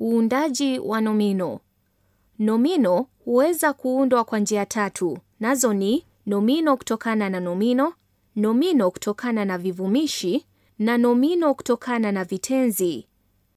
Uundaji wa nomino. Nomino huweza kuundwa kwa njia tatu, nazo ni nomino kutokana na nomino, nomino kutokana na vivumishi na nomino kutokana na vitenzi.